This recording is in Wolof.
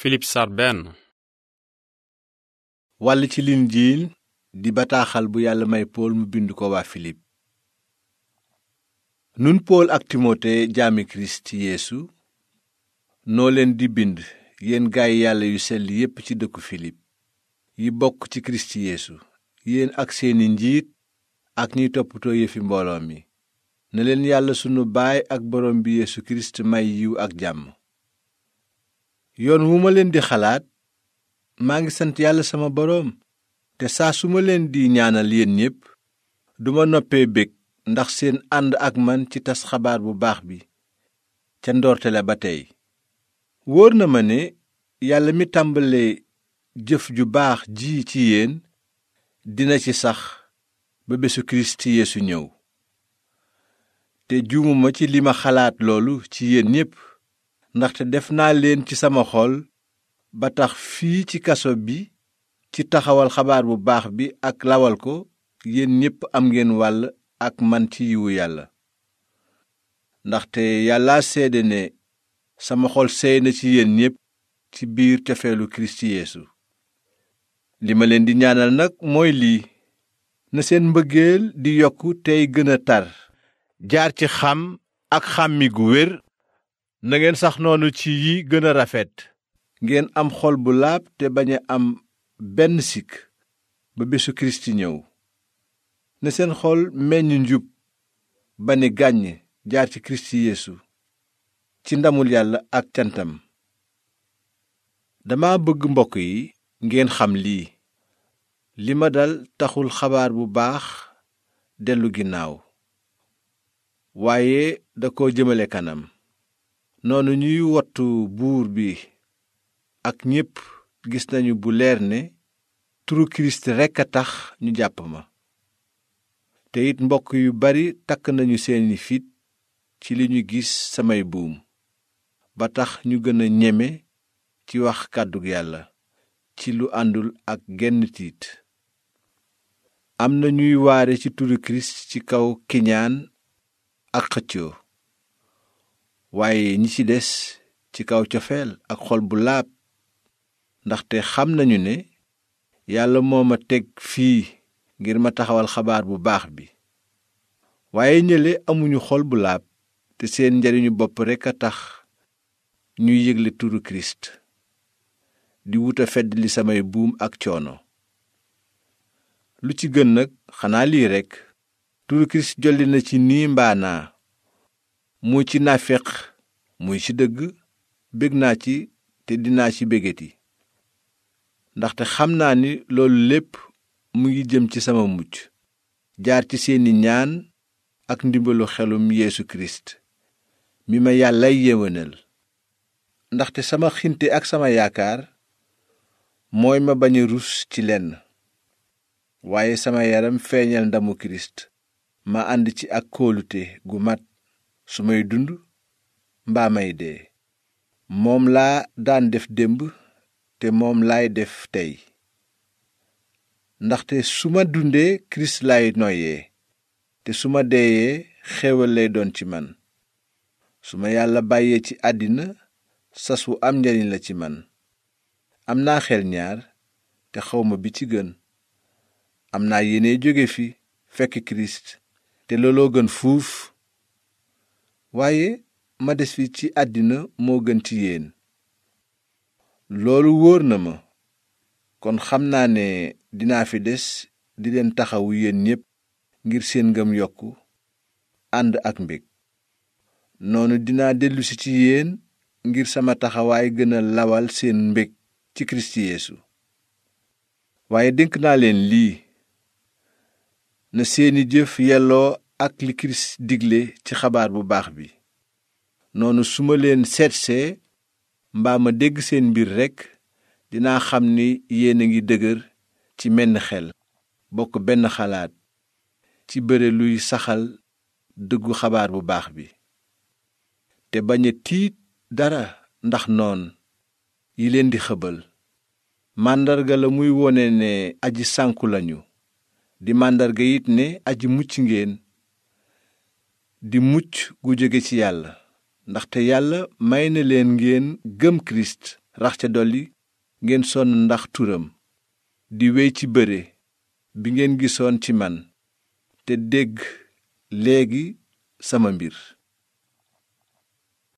Filip sar benn wàll ci linjiil di bataaxal bu yàlla may pool mu bind ko waa filip nun pool ak timote jaami kirist yeesu noo leen di bind yéen gay yàlla yu sell yépp ci dëkku filip yi bokk ci kirist yeesu yéen ak seeni njiit ak ñiy toppatoo yëfi mbooloo mi na leen yàlla sunu baay ak borom bi yeesu kirist may yiw ak jàmm yoon wu ma leen di xalaat maa ngi sant yàlla sama boroom te saa su ma leen di ñaanal yeen ñépp duma noppee bég ndax seen ànd ak man ci tas xabaar bu baax bi ca ndoorte la ba tey wóor na ma ne yàlla mi tàmbale jëf ju baax ji ci yéen dina ci sax ba bésu kirist yeesu ñëw te juumuma ci li ma xalaat loolu ci yéen ñépp ndaxte def naa leen ci sama xol ba tax fii ci kaso bi ci taxawal xabaar bu baax bi ak lawal ko yéen ñépp am ngeen wàll ak man ci yiwu yàlla ndaxte yàlla seede ne sama xol seey na ci yéen ñépp ci biir cofeelu kirist yeesu li ma leen di ñaanal nag mooy lii na seen mbëggeel di yokk tey gën a tar jaar ci xam ak xàmmi gu wér na ngeen sax noonu ci yi gën a rafet ngeen am xol bu laab te bañ a am benn sikk ba bésu kirist ñëw ne seen xol meññ njub ba ni gàññ jaar ci kirist yeesu ci ndamul yàlla ak cantam dama bëgg mbokk yi ngeen xam lii li ma dal taxul xabaar bu baax dellu ginnaaw waaye da ko jëmale kanam noonu ñuy wottu buur bi ak ñépp gis nañu bu leer ne turu kirist rekk a tax ñu jàpp ma te it mbokk yu bari takk nañu seeni fit ci li ñu gis samay buum ba tax ñu gën a ñeme ci wax kàddu yàlla ci lu àndul ak genn tiit am na ñuy waare ci turu kirist ci kaw kiñaan ak xëccoo waaye ñi ci des ci kaw cofeel ak xol bu laab ndaxte xam nañu ne yàlla moo ma teg fii ngir ma taxawal xabaar bu baax bi waaye ñële amuñu xol bu laab te seen njariñu bopp rekk a tax ñuy yégle turu kirist di wuta fedd li samay buum ak coono lu ci gën nag xanaa lii rekk turu kirist jolli na ci nii mbaanaa muy ci naafeq muy ci dëgg bég naa ci te dinaa ci bégati ndaxte xam naa ni loolu lépp mu ngi jëm ci sama mucc jaar ci seeni ñaan ak ndimbalu xelum Yeesu Kirist mi ma yàllay yéwénal ndaxte sama xinte ak sama yaakaar mooy ma bañ a rus ci lenn waaye sama yaram feeñal ndamu Kirist ma ànd ci ak kóolute gu mat su may dund mbaa may dee moom laa daan def démb te moom laay def tey ndaxte su ma dundee kirist laay noyyee te su ma deeyee xéewal lay doon ci man su ma yàlla bàyyee ci àddina sas wu am njariñ la ci man am naa xel ñaar te xawma bi ci gën am naa yéene jóge fi fekk kirist te looloo gën fuuf waaye ma des fi ci àddina moo gën ci yéen loolu wóor na ma kon xam naa ne dinaa fi des di leen taxawu yéen ñépp ngir seen ngëm yokku ànd ak mbég noonu dinaa dellusi ci yéen ngir sama taxawaay gën a lawal seen mbég ci Kirist Yeesu waaye dénk naa leen lii na seeni jëf yelloo ak li kirist digle ci xabaar bu baax bi noonu su ma leen seetsee mbaam a dégg seen mbir rekk dinaa xam ni yéen a ngi dëgër ci menn xel bokk benn xalaat ci bëre luy saxal dëggu xabaar bu baax bi te bañ a tiit dara ndax noon yi leen di xëbal màndarga la muy wone ne aji sànku lañu di màndarga yit ne aji mucc ngeen di mucc gu jóge ci yàlla ndaxte yàlla may na leen ngeen gëm kirist rax ca dolli ngeen sonn ndax turam di wéy ci bëre bi ngeen gisoon ci man te dégg léegi sama mbir